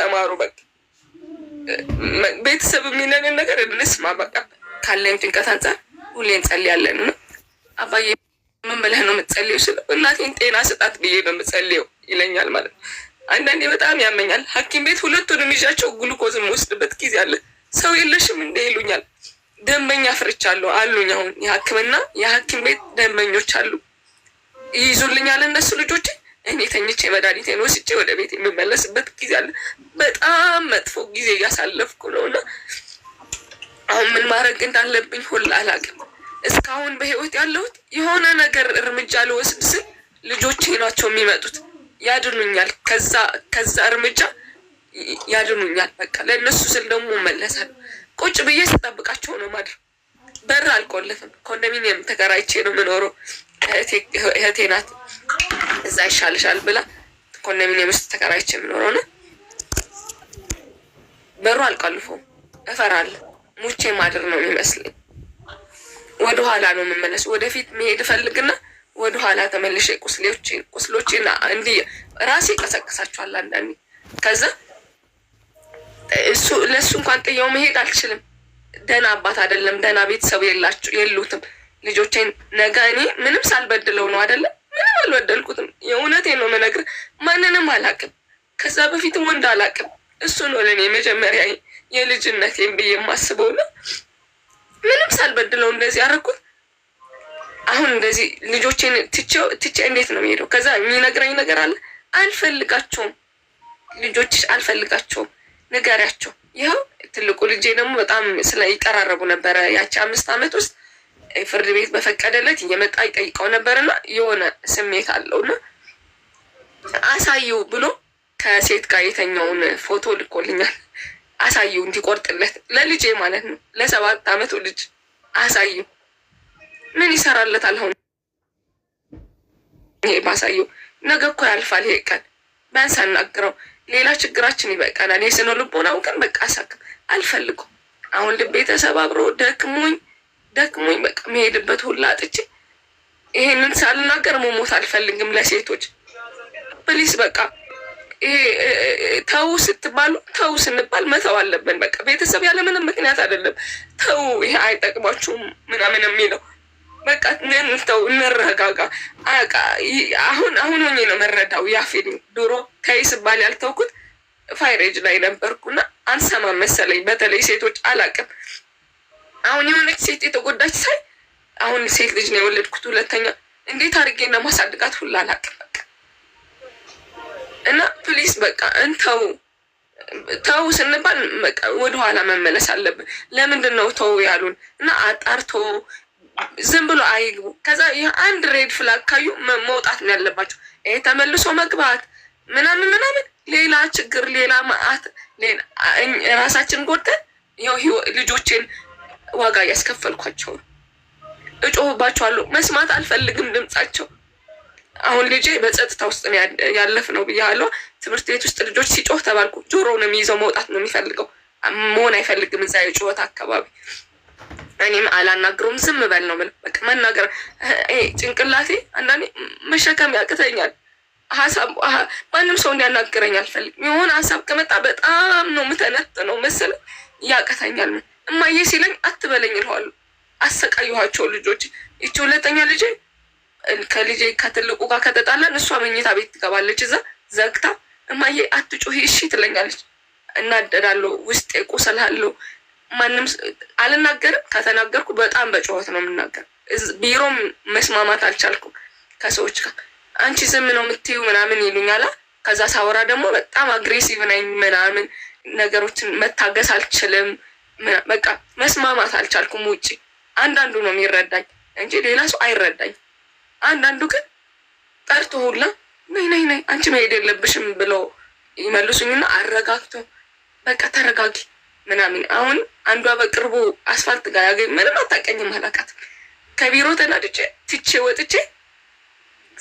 ተማሩ። በቃ ቤተሰብ የሚለን ነገር እንስማ። በቃ ካለን ጭንቀት አንጻር ሁሌ እንጸልያለን እና አባዬ ምን ብለህ ነው የምትጸልየው ስለው እናቴን ጤና ስጣት ብዬ ነው የምጸልየው ይለኛል ማለት ነው። አንዳንዴ በጣም ያመኛል። ሀኪም ቤት ሁለቱንም ይዣቸው ግሉኮዝ የምወስድበት ጊዜ አለ። ሰው የለሽም እንደ ይሉኛል። ደንበኛ አፍርቻለሁ አሉኝ። አሁን የሀክምና የሀኪም ቤት ደንበኞች አሉ ይይዙልኛል እነሱ ልጆችን እኔ ተኝቼ መድኃኒቴን ወስጄ ወደ ቤት የምመለስበት ጊዜ አለ። በጣም መጥፎ ጊዜ እያሳለፍኩ ነው እና አሁን ምን ማድረግ እንዳለብኝ ሁላ አላቅም። እስካሁን በህይወት ያለሁት የሆነ ነገር እርምጃ ልወስድ ስል ልጆቼ ናቸው የሚመጡት፣ ያድኑኛል። ከዛ ከዛ እርምጃ ያድኑኛል። በቃ ለእነሱ ስል ደግሞ መለሳል። ቁጭ ብዬ ስጠብቃቸው ነው ማድረግ። በር አልቆለፍም። ኮንዶሚኒየም ተከራይቼ ነው የምኖረው። እህቴ ናት እዛ ይሻልሻል ብላ ኮንዶሚኒየም ውስጥ ተከራይቼ የምኖረው ነው። በሩ አልቀልፎ እፈራል ሙቼ ማድር ነው የሚመስለኝ። ወደኋላ ነው የምመለሱ። ወደፊት መሄድ እፈልግና ወደኋላ ተመልሼ ቁስሎቼን ቁስሎቼን እንዲ ራሴ ይቀሰቅሳቸዋል አንዳንዴ። ከዛ እሱ ለእሱ እንኳን ጥየው መሄድ አልችልም። ደህና አባት አይደለም። ደህና ቤተሰብ የላቸው የሉትም። ልጆቼን ነገ እኔ ምንም ሳልበድለው ነው አይደለም፣ ምንም አልበደልኩትም። የእውነቴን ነው የምነግርህ። ማንንም አላውቅም፣ ከዛ በፊት ወንድ አላውቅም። እሱ ነው ለእኔ መጀመሪያ የልጅነቴን ብዬ የማስበው ነው። ምንም ሳልበድለው እንደዚህ አደረኩት። አሁን እንደዚህ ልጆቼን ትቼው ትቼ እንዴት ነው የሚሄደው? ከዛ የሚነግረኝ ነገር አለ። አልፈልጋቸውም፣ ልጆች አልፈልጋቸውም፣ ንገሪያቸው። ይኸው ትልቁ ልጄ ደግሞ በጣም ስለ ነበረ። ያቺ አምስት ዓመት ውስጥ ፍርድ ቤት በፈቀደለት እየመጣ ይጠይቀው ነበርና የሆነ ስሜት አለውና አሳየው ብሎ ከሴት ጋር የተኛውን ፎቶ ልኮልኛል። አሳየው እንዲቆርጥለት ለልጄ ማለት ነው፣ ለሰባት አመቱ ልጅ አሳየው። ምን ይሰራለታል አሁን ይሄ ባሳየው? ነገ እኮ ያልፋል ይሄ ቀን። ቢያንስ አናግረው። ሌላ ችግራችን ይበቃናል። ስነ ልቦናው ቀን በቃ አሳክም አልፈልገው። አሁን ልቤ ተሰባብሮ ደክሞኝ ደክሞኝ በቃ መሄድበት ሁላ አጥቼ ይሄንን ሳልናገር መሞት አልፈልግም ለሴቶች ፕሊስ በቃ ተው ስትባሉ ተው ስንባል መተው አለብን። በቃ ቤተሰብ ያለምንም ምክንያት አይደለም ተው ይሄ አይጠቅማችሁም ምናምን የሚለው በቃ እንተው፣ እንረጋጋ። አሁን አሁን ሆኜ ነው መረዳው ያፌን ድሮ ተይ ስባል ያልተውኩት ፋይሬጅ ላይ ነበርኩና አንሰማ መሰለኝ። በተለይ ሴቶች አላቅም። አሁን የሆነች ሴት የተጎዳች ሳይ አሁን ሴት ልጅ ነው የወለድኩት ሁለተኛ፣ እንዴት አድርጌ ነው ማሳድጋት ሁላ አላቅም በቃ እና ፕሊስ በቃ እንተው ተው ስንባል ወደኋላ መመለስ አለብን። ለምንድን ነው ተው ያሉን? እና አጣርቶ ዝም ብሎ አይግቡ። ከዛ አንድ ሬድ ፍላግ ካዩ መውጣት ነው ያለባቸው። ይሄ ተመልሶ መግባት ምናምን ምናምን ሌላ ችግር ሌላ ማአት ራሳችን ጎድተን ልጆችን ዋጋ እያስከፈልኳቸው እጮህባቸዋለሁ። መስማት አልፈልግም ድምጻቸው አሁን ልጄ በጸጥታ ውስጥ ያለፍ ነው ብያለሁ። ትምህርት ቤት ውስጥ ልጆች ሲጮህ ተባልኩ። ጆሮ ነው ይዘው መውጣት ነው የሚፈልገው፣ መሆን አይፈልግም እዛ የጩኸት አካባቢ። እኔም አላናግሮም ዝም በል ነው የምልህ። በቃ መናገር ጭንቅላቴ አንዳንዴ መሸከም ያቅተኛል። ሀሳብ ማንም ሰው እንዲያናግረኝ አልፈልግም። የሆነ ሀሳብ ከመጣ በጣም ነው ምተነት ነው መሰለህ ያቅተኛል። እማዬ ሲለኝ አትበለኝ እለዋለሁ። አሰቃየኋቸው ልጆች ይቺ ሁለተኛ ልጄ ከልጄ ከትልቁ ጋር ከተጣላን እሷ መኝታ ቤት ትገባለች። እዛ ዘግታ እማዬ አትጩሂ እሺ ትለኛለች። እናደዳለሁ። ውስጤ ቁስላለሁ። ማንም አልናገርም። ከተናገርኩ በጣም በጩኸት ነው የምናገር። ቢሮም መስማማት አልቻልኩም ከሰዎች ጋር አንቺ ዝም ነው የምትዩ ምናምን ይሉኛላ። ከዛ ሳወራ ደግሞ በጣም አግሬሲቭ ነኝ ምናምን ነገሮችን መታገስ አልችልም። በቃ መስማማት አልቻልኩም። ውጭ አንዳንዱ ነው የሚረዳኝ እንጂ ሌላ ሰው አይረዳኝ። አንዳንዱ ግን ጠርቶ ሁላ ነይ ነይ ነይ አንቺ መሄድ የለብሽም ብለው ይመልሱኝና አረጋግቶ በቃ ተረጋጊ ምናምን። አሁን አንዷ በቅርቡ አስፋልት ጋር ያገኝ ምንም አታውቀኝም አላውቃትም። ከቢሮ ተናድቼ ትቼ ወጥቼ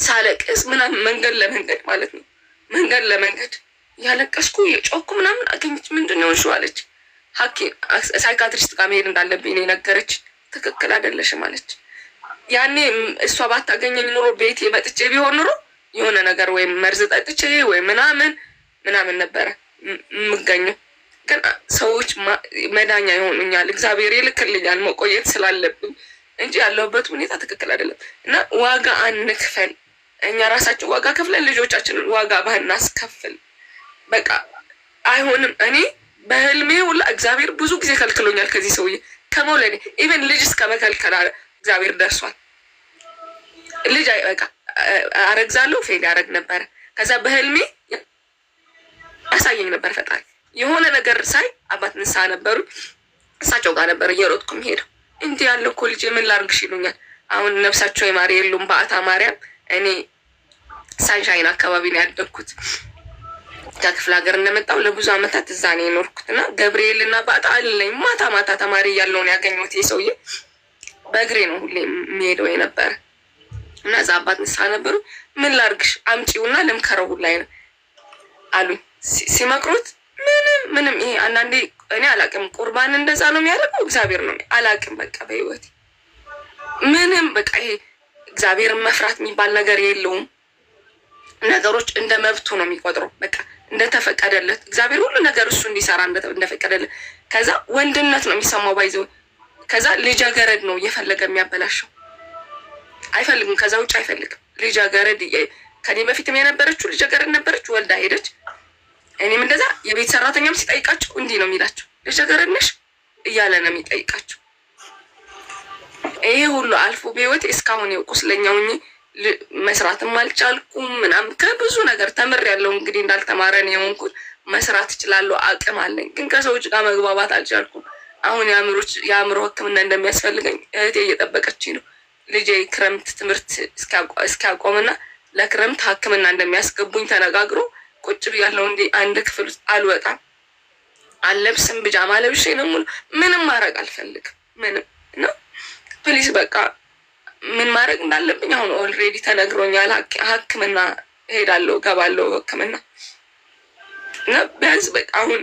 ሳለቅስ ምናምን መንገድ ለመንገድ ማለት ነው መንገድ ለመንገድ ያለቀስኩ የጮኩ ምናምን አገኘች። ምንድን ነው እሺ አለች። ሐኪም ሳይካትሪስት ጋር መሄድ እንዳለብኝ ነው የነገረች። ትክክል አይደለሽም አለች። ያኔ እሷ ባታገኘኝ ኑሮ ቤቴ መጥቼ ቢሆን ኑሮ የሆነ ነገር ወይም መርዝ ጠጥቼ ወይ ምናምን ምናምን ነበረ የምገኘው። ግን ሰዎች መዳኛ ይሆኑኛል፣ እግዚአብሔር ይልክልኛል መቆየት ስላለብኝ እንጂ ያለሁበት ሁኔታ ትክክል አይደለም እና ዋጋ አንክፈል። እኛ ራሳችን ዋጋ ከፍለን ልጆቻችንን ዋጋ ባናስከፍል በቃ አይሆንም። እኔ በህልሜ ሁላ እግዚአብሔር ብዙ ጊዜ ከልክሎኛል ከዚህ ሰውዬ ከመውለዴ ኢቨን ልጅ እስከ መከልከል እግዚአብሔር ደርሷል። ልጅ በቃ አረግዛለሁ ፌል ያደረግ ነበረ። ከዛ በህልሜ ያሳየኝ ነበር ፈጣሪ። የሆነ ነገር ሳይ አባት ንስሐ ነበሩ፣ እሳቸው ጋር ነበር እየሮጥኩ ሄደው እንዲ ያለ እኮ ልጅ ምን ላርግሽ ይሉኛል። አሁን ነፍሳቸው የማር የሉም በአታ ማርያም። እኔ ሳንሻይን አካባቢ ነው ያደግኩት። ከክፍለ ሀገር እንደመጣው ለብዙ አመታት እዛ ነው የኖርኩት እና ገብርኤል እና በአታ አለኝ ማታ ማታ ተማሪ ያለውን ያገኘሁት ሰውዬ በእግሬ ነው ሁሌ የሚሄደው የነበረ እና እዛ አባት ንስሐ ነበሩ። ምን ላርግሽ አምጪውና ልምከረው ላይ ነው አሉኝ። ሲመክሩት ምንም ምንም ይሄ አንዳንዴ እኔ አላቅም፣ ቁርባን እንደዛ ነው የሚያደርገው እግዚአብሔር ነው አላቅም። በቃ በህይወት ምንም በቃ ይሄ እግዚአብሔርን መፍራት የሚባል ነገር የለውም። ነገሮች እንደ መብቱ ነው የሚቆጥረው። በቃ እንደተፈቀደለት እግዚአብሔር ሁሉ ነገር እሱ እንዲሰራ እንደፈቀደለት ከዛ ወንድነት ነው የሚሰማው ባይዘው ከዛ ልጃገረድ ነው እየፈለገ የሚያበላሸው። አይፈልግም፣ ከዛ ውጭ አይፈልግም። ልጃገረድ ከኔ በፊትም የነበረችው ልጃገረድ ነበረች፣ ወልዳ ሄደች። እኔም እንደዛ የቤት ሰራተኛም ሲጠይቃቸው እንዲህ ነው የሚላቸው፣ ልጃገረድ ነሽ እያለ ነው የሚጠይቃቸው። ይሄ ሁሉ አልፎ በህይወት እስካሁን ቁስለኛ መስራትም አልቻልኩም ምናምን ከብዙ ነገር ተምር ያለው እንግዲህ እንዳልተማረን የሆንኩት። መስራት እችላለሁ፣ አቅም አለኝ፣ ግን ከሰዎች ጋር መግባባት አልቻልኩም። አሁን የአእምሮ ሕክምና እንደሚያስፈልገኝ እህቴ እየጠበቀችኝ ነው። ልጄ ክረምት ትምህርት እስኪያቆምና ለክረምት ሕክምና እንደሚያስገቡኝ ተነጋግሮ ቁጭ ብያለሁ። እንዲህ አንድ ክፍል አልወጣም፣ አለብስም፣ ብጃማ ለብሼ ነው ሙሉ ምንም ማድረግ አልፈልግም። ምንም ነው ፕሊስ፣ በቃ ምን ማድረግ እንዳለብኝ አሁን ኦልሬዲ ተነግሮኛል። ሕክምና ሄዳለሁ፣ ገባለሁ ሕክምና እና ቢያንስ በቃ አሁን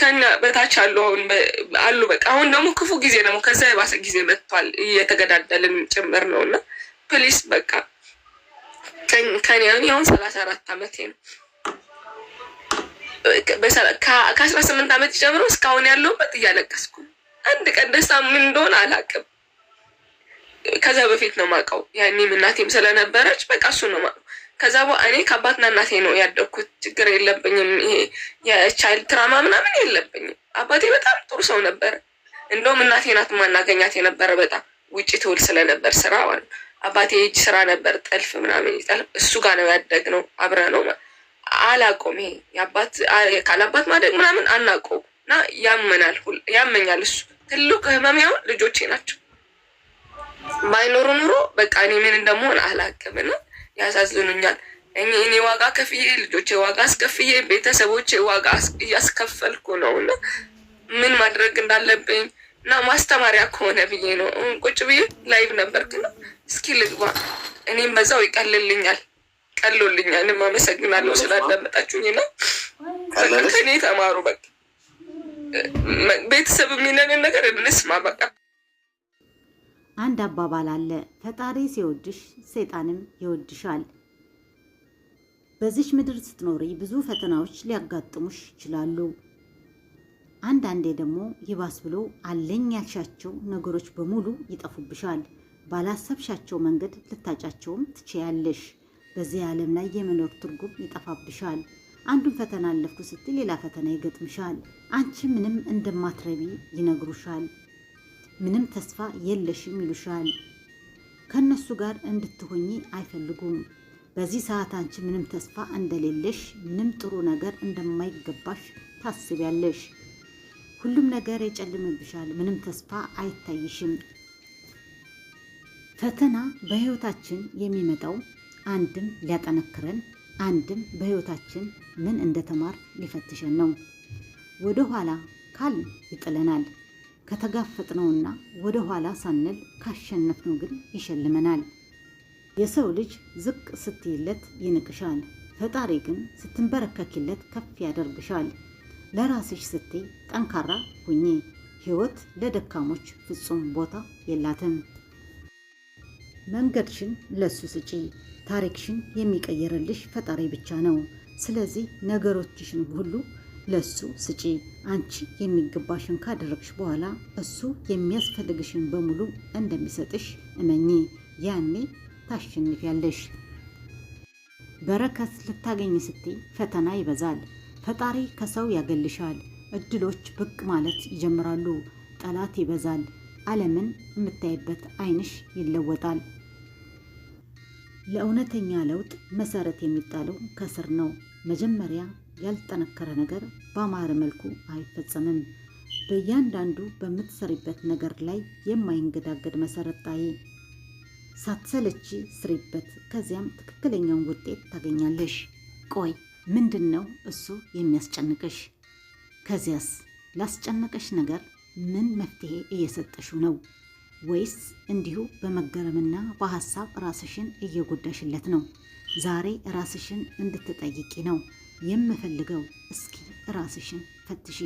ከነ በታች አሉ አሁን አሉ በቃ አሁን ደግሞ ክፉ ጊዜ ደግሞ ከዛ የባሰ ጊዜ መጥቷል። እየተገዳደልን ጭምር ነው እና ፕሊስ በቃ ከኔ አሁን ያሁን ሰላሳ አራት አመቴ ነው። ከአስራ ስምንት አመት ጀምሮ እስካሁን ያለሁበት እያለቀስኩ አንድ ቀን ደስታ ምን እንደሆነ አላውቅም። ከዛ በፊት ነው የማውቀው ያኔም እናቴም ስለነበረች በቃ እሱ ነው የማውቀው ከዛ እኔ ከአባትና እናቴ ነው ያደግኩት። ችግር የለብኝም። ይሄ የቻይልድ ትራማ ምናምን የለብኝም። አባቴ በጣም ጥሩ ሰው ነበር። እንደውም እናቴ ናት ማናገኛት የነበረ በጣም ውጭ ትውል ስለነበር ስራ አባቴ እጅ ስራ ነበር፣ ጠልፍ ምናምን ይጠልፍ። እሱ ጋር ነው ነው አብረ ነው አላቆም። ይሄ ካለአባት ማደግ ምናምን አናቆም እና ያመናል፣ ያመኛል። እሱ ትልቅ ህመም ያሁን ልጆቼ ናቸው። ባይኖሩ ኑሮ በቃ እኔ ምን እንደመሆን አላቅም ያሳዝኑኛል። እኔ ዋጋ ከፍዬ ልጆቼ ዋጋ አስከፍዬ ቤተሰቦቼ ዋጋ እያስከፈልኩ ነው እና ምን ማድረግ እንዳለብኝ እና ማስተማሪያ ከሆነ ብዬ ነው ቁጭ ብዬ ላይቭ ነበርክ እና እስኪ ልግባ እኔም በዛው ይቀልልኛል ቀሎልኛል። አመሰግናለሁ ስላዳመጣችሁኝ ና ከኔ ተማሩ። በቃ ቤተሰብ የሚለንን ነገር እንስማ በቃ አንድ አባባል አለ፣ ፈጣሪ ሲወድሽ ሰይጣንም ይወድሻል። በዚች ምድር ስትኖሪ ብዙ ፈተናዎች ሊያጋጥሙሽ ይችላሉ። አንዳንዴ ደግሞ ይባስ ብሎ አለኝ ያልሻቸው ነገሮች በሙሉ ይጠፉብሻል። ባላሰብሻቸው መንገድ ልታጫቸውም ትችያለሽ። በዚህ ዓለም ላይ የመኖር ትርጉም ይጠፋብሻል። አንዱን ፈተና አለፍኩ ስትል ሌላ ፈተና ይገጥምሻል። አንቺ ምንም እንደማትረቢ ይነግሩሻል። ምንም ተስፋ የለሽም ይሉሻል። ከነሱ ጋር እንድትሆኚ አይፈልጉም። በዚህ ሰዓት አንቺ ምንም ተስፋ እንደሌለሽ፣ ምንም ጥሩ ነገር እንደማይገባሽ ታስቢያለሽ። ሁሉም ነገር ይጨልምብሻል። ምንም ተስፋ አይታይሽም። ፈተና በሕይወታችን የሚመጣው አንድም ሊያጠነክረን፣ አንድም በሕይወታችን ምን እንደተማር ሊፈትሸን ነው። ወደ ኋላ ካል ይጥለናል። ከተጋፈጥነውና ወደ ኋላ ሳንል ካሸነፍነው ግን ይሸልመናል። የሰው ልጅ ዝቅ ስትይለት ይንቅሻል፣ ፈጣሪ ግን ስትንበረከኪለት ከፍ ያደርግሻል። ለራስሽ ስትይ ጠንካራ ሁኚ። ሕይወት ለደካሞች ፍጹም ቦታ የላትም። መንገድሽን ለሱ ስጪ። ታሪክሽን የሚቀይርልሽ ፈጣሪ ብቻ ነው። ስለዚህ ነገሮችሽን ሁሉ ለሱ ስጪ። አንቺ የሚገባሽን ካደረግሽ በኋላ እሱ የሚያስፈልግሽን በሙሉ እንደሚሰጥሽ እመኚ። ያኔ ታሸንፊያለሽ። በረከት ልታገኝ ስትይ ፈተና ይበዛል። ፈጣሪ ከሰው ያገልሻል። እድሎች ብቅ ማለት ይጀምራሉ። ጠላት ይበዛል። ዓለምን የምታይበት አይንሽ ይለወጣል። ለእውነተኛ ለውጥ መሰረት የሚጣለው ከስር ነው። መጀመሪያ ያልጠነከረ ነገር በአማረ መልኩ አይፈጸምም። በእያንዳንዱ በምትሰሪበት ነገር ላይ የማይንገዳገድ መሰረት ጣይ። ሳትሰለቺ ስሪበት፣ ከዚያም ትክክለኛውን ውጤት ታገኛለሽ። ቆይ ምንድን ነው እሱ የሚያስጨንቅሽ? ከዚያስ ላስጨነቀሽ ነገር ምን መፍትሄ እየሰጠሽው ነው? ወይስ እንዲሁ በመገረምና በሐሳብ ራስሽን እየጎዳሽለት ነው? ዛሬ ራስሽን እንድትጠይቂ ነው። የምፈልገው እስኪ ራስሽን ፈትሺ።